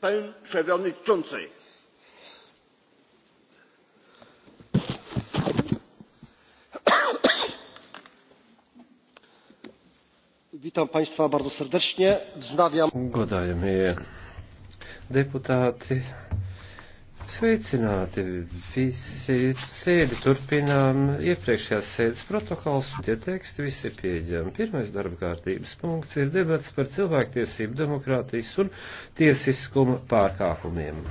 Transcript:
panie przewodniczący! witam państwa bardzo serdecznie. wznawiam. godājamie deputāti Sveicināti visi. Sēdi turpinām. Iepriekšējās sēdes protokols, tie teksti visi ir pieejami. Pirmais darba kārtības punkts ir debats par cilvēktiesību, demokrātijas un tiesiskuma pārkāpumiem.